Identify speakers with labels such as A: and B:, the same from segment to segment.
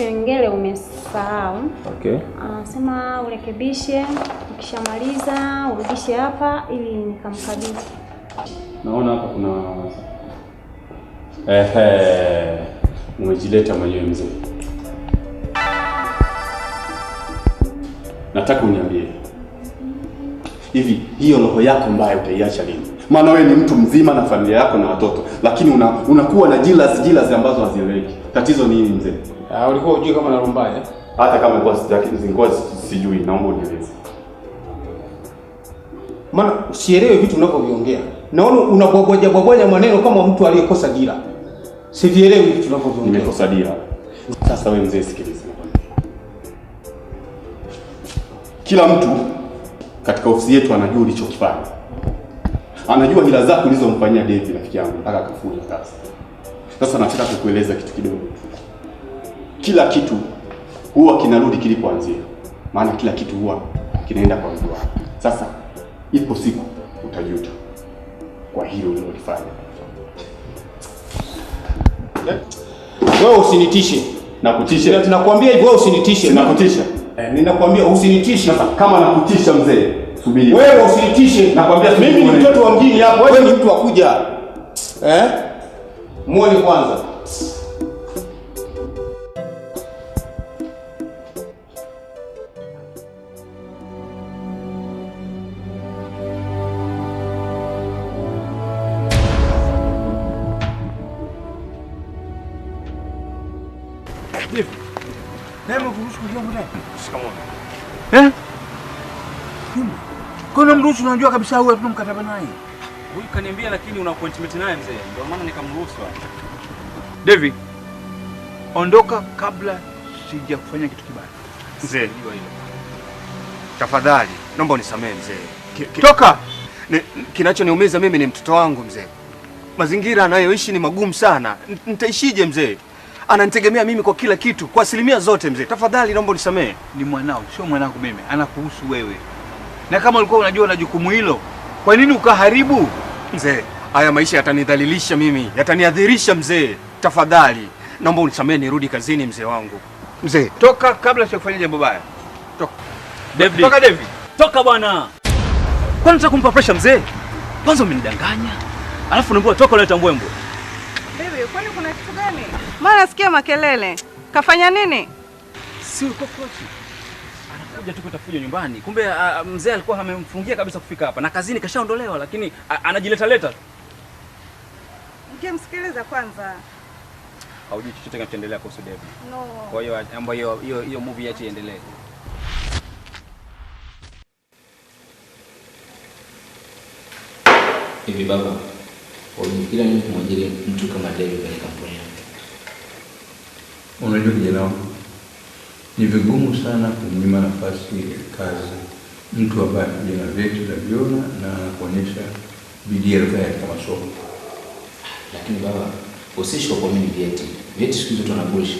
A: kipengele umesahau. Okay. Uh, sema urekebishe, ukishamaliza urudishe hapa ili nikamkabidhi.
B: Naona hapa kuna ehe, umejileta mwenyewe mzee. Nataka uniambie hivi, hiyo roho yako mbaya utaiacha lini? Maana wewe ni mtu mzima na familia yako na watoto, lakini unakuwa una na jealous jealous ambazo hazieleweki. Tatizo ni nini mzee?
C: Uh, ulikuwa hujui kama narumba eh?
B: Hata kama ilikuwa kwa zilikuwa sijui naomba unieleze. Maana usielewe vitu unavyoviongea. Naona unabwabwaja bwabwaja maneno kama mtu aliyekosa dira. Sivielewi vitu unavyoviongea. Nimekosa dira. Sasa wewe mzee sikiliza. Kila mtu katika ofisi yetu anajua ulichokifanya. Anajua hila zako ulizomfanyia David rafiki yangu mpaka akafuja kazi. Sasa nataka kukueleza kitu kidogo tu kila kitu huwa kinarudi kilipoanzia, maana kila kitu huwa kinaenda kwa mtu wake. Sasa ipo siku utajuta kwa hilo ulilofanya. Eh, wewe usinitishe. Nakutisha. Na tunakwambia hivyo wewe usinitishe. Nakutisha. Eh, ninakwambia usinitishe. Sasa kama nakutisha mzee, subiri. Wewe usinitishe. Nakwambia mimi ni mtoto wa mjini hapo, wewe ni mtu wa kuja. Eh? Muone kwanza.
D: Eh? Kuna mruhusu unajua kabisa huyu hatuna mkataba naye.
E: Huyu kaniambia lakini una appointment naye mzee. Ndio maana nikamruhusu.
D: Devi. Ondoka kabla sija kufanya kitu kibaya.
B: Mzee, jua hilo. Tafadhali, naomba unisamehe mzee. Toka. Kinachoniumiza mimi ni mtoto wangu mzee. Mazingira anayoishi ni magumu sana. Nitaishije mzee? ananitegemea mimi kwa kila kitu, kwa asilimia zote. Mzee, tafadhali naomba unisamehe.
D: Ni mwanao, sio mwanangu mimi, anakuhusu wewe, na kama ulikuwa unajua na jukumu hilo, kwa nini ukaharibu? Mzee, haya maisha yatanidhalilisha mimi, yataniadhirisha mzee. Tafadhali naomba unisamehe, nirudi kazini mzee wangu. Mzee, toka kabla sijakufanyia jambo baya. Toka David, toka David,
E: toka bwana. Kwani kumpa pressure mzee? Kwanza umenidanganya, alafu unaambiwa toka, unatambua mbwa
F: kwani kuna kitu gani?
G: Maana nasikia makelele. Kafanya nini?
E: Si uko kochi. Anakuja tu kutafuja nyumbani. Kumbe mzee alikuwa amemfungia kabisa kufika hapa. Na kazini kashaondolewa lakini anajileta leta tu.
F: Msikiliza kwanza.
E: Haujui chochote kinachoendelea kuhusu Debbie. No. Kwa hiyo ambayo hiyo hiyo hiyo movie acha iendelee.
H: Hivi baba kwa kila mtu kumwajiri mtu kama David kwenye kampuni yake.
I: Unajua kijana wangu, ni vigumu sana kumnyima nafasi kazi mtu ambaye kuja na vyeti na vyona na kuonyesha bidii alifanya katika masomo.
H: Lakini baba, usishi kwa mimi vyeti. Vyeti siku hizi tunabushi.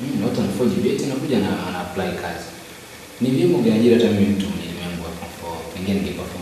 H: Mimi ni watu wanaforge vyeti na kuja na ana apply kazi. Ni vyema ungeajiri hata mimi mtu mwenye yangu hapo. Pengine ningeperform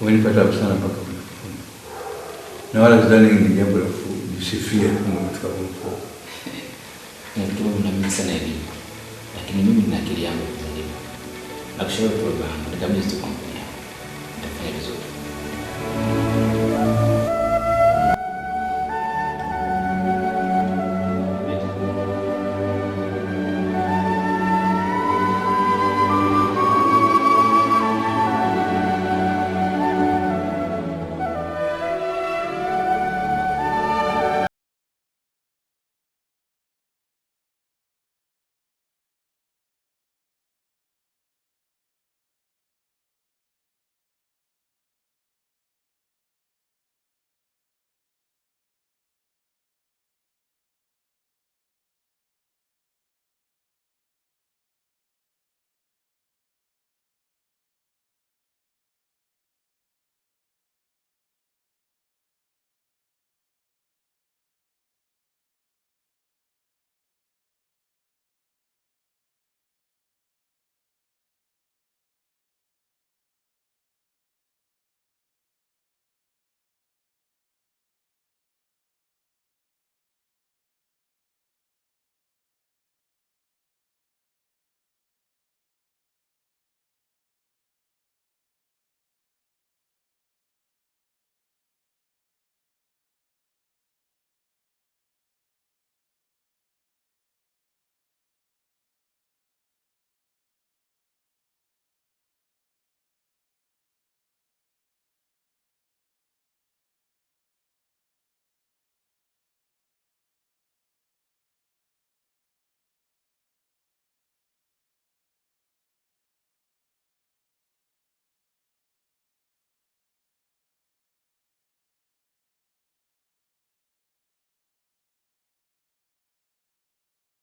I: umenipata sana mpaka unapona, na wala zidani ni jambo la kujisifia kama mtu kama mkuu.
H: Natumai mnaamini sana elimu, lakini mimi nina akili yangu kuzidimu. Nakushauri kwa baba, nikabidhi tu kampuni yako, nitafanya vizuri.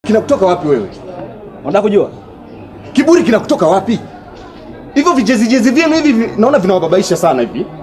H: Kinakutoka wapi wewe? Unataka kujua? Kiburi kinakutoka wapi? Hivyo vijezi jezi vyenu hivi naona vinawababaisha sana hivi.